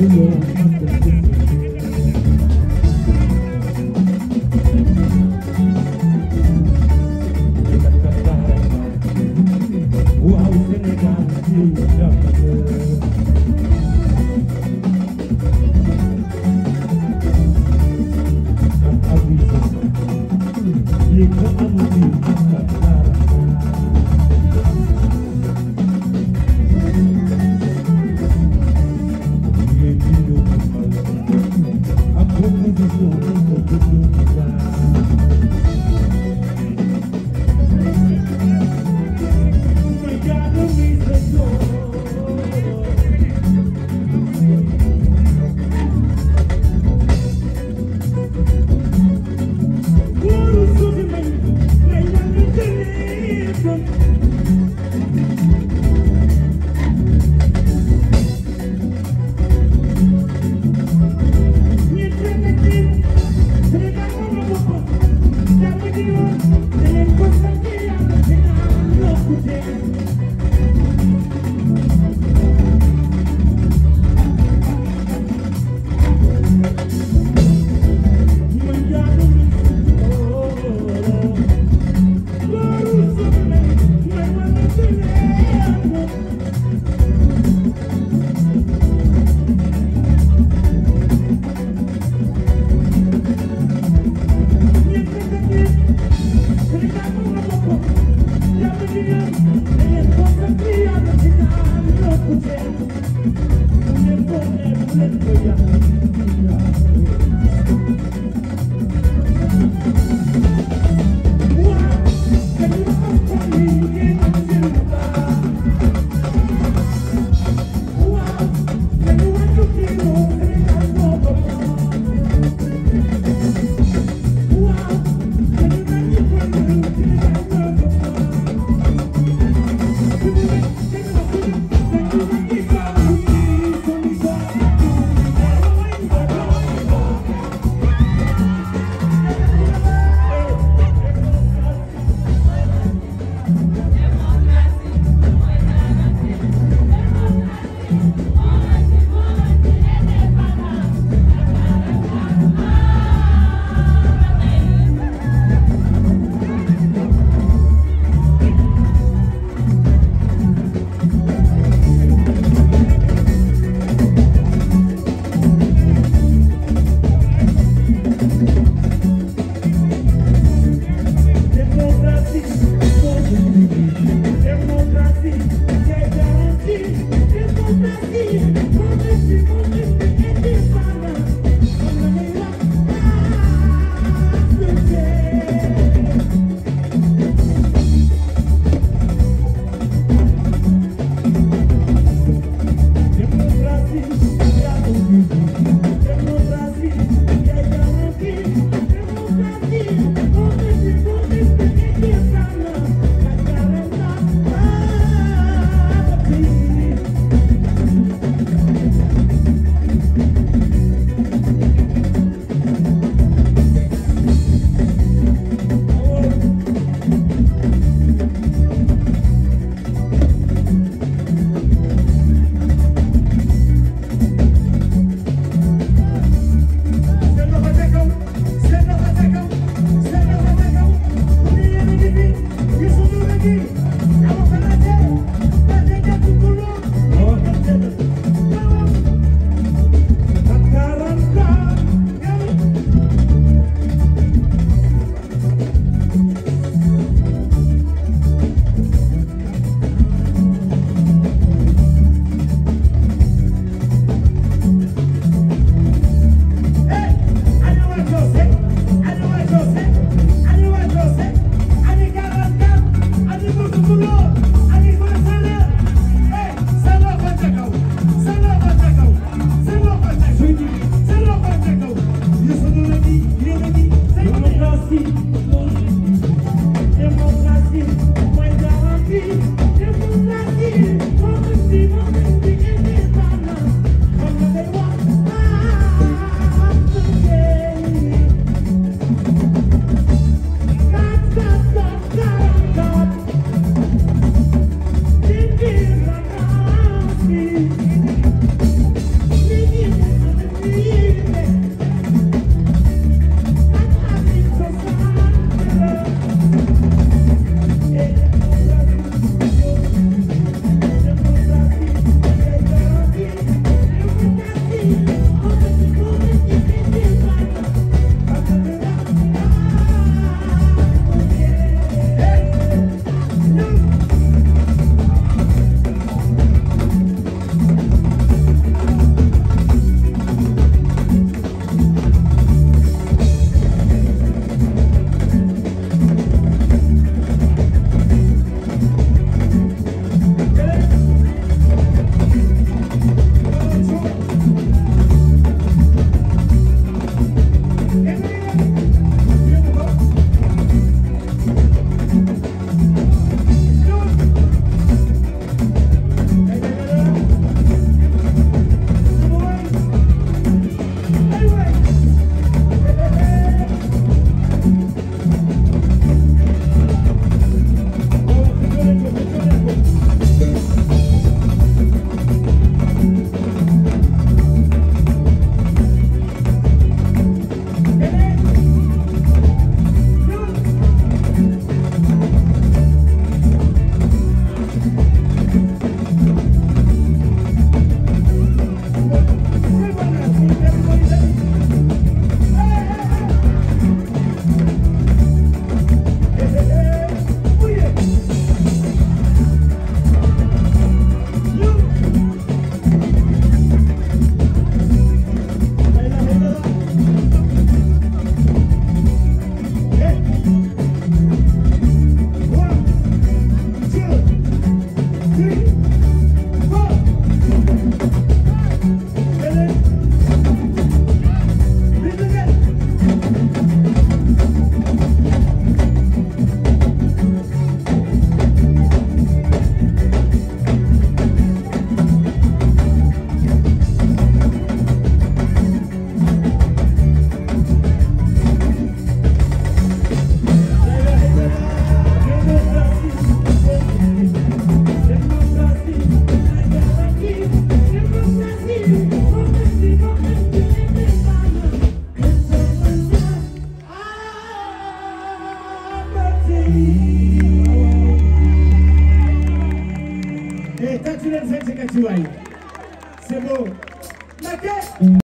Wow, Sénégal Cristo. Thank you.